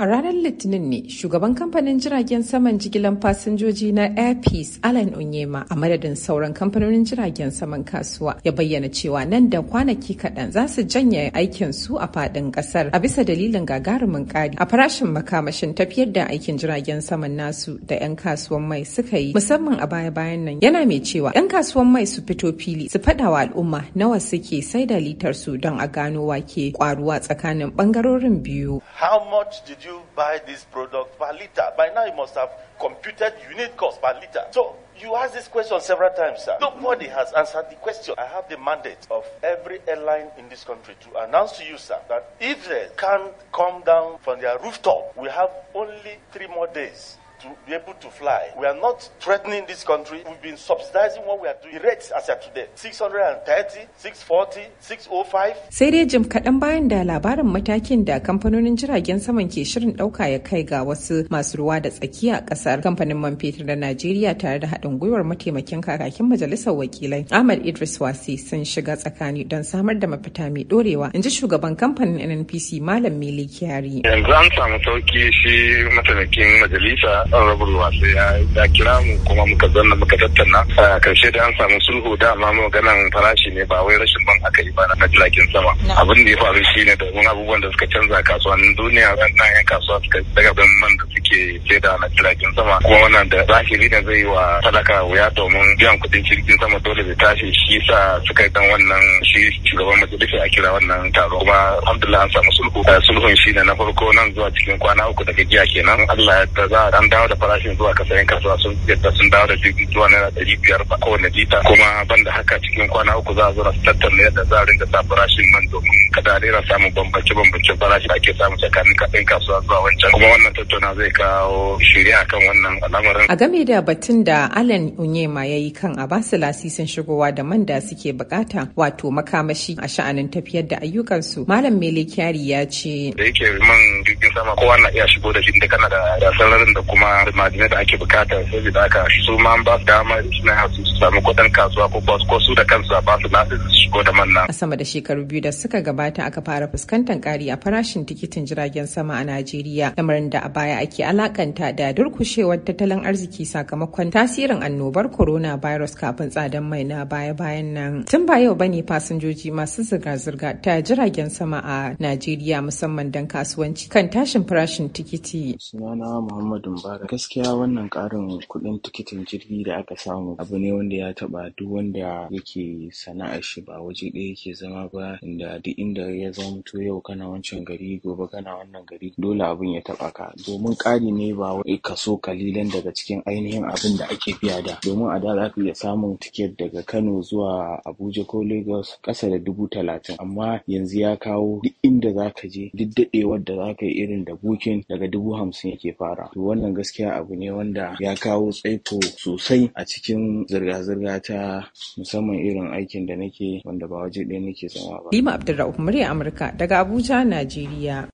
A ranar Litinin ne shugaban kamfanin jiragen saman jigilan fasinjoji na Air Peace Alan Onyema a madadin sauran kamfanonin jiragen saman kasuwa ya bayyana cewa nan da kwanaki kaɗan za su janye aikin su a faɗin ƙasar a bisa dalilin gagarumin ƙari a farashin makamashin tafiyar da aikin jiragen saman nasu da 'yan kasuwan mai suka yi musamman a baya-bayan nan yana mai cewa 'yan kasuwan mai su fito fili su faɗa wa al'umma nawa suke saida litar su don a gano ke ƙwaruwa tsakanin ɓangarorin biyu. How you buy this product per liter? By now you must have computed unit cost per liter. So you asked this question several times, sir. Nobody has answered the question. I have the mandate of every airline in this country to announce to you, sir, that if they can't come down from their rooftop, we have only three more days to be able to fly. We are not threatening this country. We've been subsidizing what we are doing. rates as of today 630, 640, 605. Sai dai jim kaɗan bayan da labarin matakin da kamfanonin jiragen saman ke shirin ɗauka ya kai ga wasu masu ruwa da tsakiya a ƙasar kamfanin man fetur da Najeriya tare da haɗin gwiwar mataimakin kakakin majalisar wakilai Ahmad Idris Wasi sun shiga tsakani don samar da mafita mai ɗorewa. In ji shugaban kamfanin NNPC Malam Mili Kyari. Yanzu an samu sauki shi mataimakin majalisa honorable wasu ya kira mu kuma muka zanna muka tattauna a karshe da an samu sulhu da amma maganan farashi ne ba wai rashin ban aka yi ba na jiragen sama abin da ya faru shine da abubuwan da suka canza kasuwannin duniya ran nan yan kasuwa suka daga ban man da su. ake na jiragen sama kuma wannan da zahiri ne zai wa talaka wuya domin biyan kudin jirgin sama dole zai tashi shi sa suka yi dan wannan shi shugaban majalisa a kira wannan taro kuma alhamdulillah an samu sulhu eh, sulhun shi ne na farko nan zuwa cikin kwana uku daga jiya kenan Allah ya ta za a dawo da farashin zuwa kasarin kasuwa sun yadda sun dawo da jirgin zuwa naira ɗari biyar ba kowane jita kuma ban da haka cikin kwana uku za a zo su tattalin yadda za a ringa sa farashin man domin kada a rera samun bambance-bambance farashi da ake samu tsakanin kasuwa zuwa wancan kuma wannan tattauna zai ka kawo shirya kan wannan al'amarin. A game da batun da Alan Onyema ya yi kan a basu lasisin shigowa da man da suke bukata wato makamashi a sha'anin tafiyar da ayyukansu. Malam Mele Kyari ya ce. Da yake man jirgin sama kowa na iya shigo da shi da kana da sararin da kuma da ake bukata sai da aka su ma ba su dama na su samu kudin kasuwa ko ba ko su da kansu a su lasisin shigo da man nan. A sama da shekaru biyu da suka gabata aka fara fuskantar kari a farashin tikitin jiragen sama a Najeriya lamarin da a baya ake ala alakanta da durkushewar tattalin arziki sakamakon tasirin annobar corona coronavirus kafin tsadan mai na baya-bayan nan. Tun ba yau bane fasinjoji masu zirga-zirga ta jiragen sama a Najeriya musamman don kasuwanci kan tashin farashin tikiti. Sunana Muhammadu Mubarak. Gaskiya wannan karin kuɗin tikitin jirgi da aka samu abu ne wanda ya taɓa duk wanda yake sana'ar shi ba waje ɗaya yake zama ba inda duk inda ya zama to yau kana wancan gari gobe kana wannan gari dole abin ya taɓa ka domin ƙari ne ba wai kaso kalilan daga cikin ainihin abin da ake biya da domin a da za ka iya samun tiket daga kano zuwa abuja ko lagos kasa da dubu talatin amma yanzu ya kawo duk inda za ka je duk daɗewar da za ka yi irin da bukin daga dubu hamsin yake fara to wannan gaskiya abu ne wanda ya kawo tsaiko sosai a cikin zirga-zirga ta musamman irin aikin da nake wanda ba waje ɗaya nake zama ba. Lima Abdulrahman murya Amurka daga Abuja, Najeriya.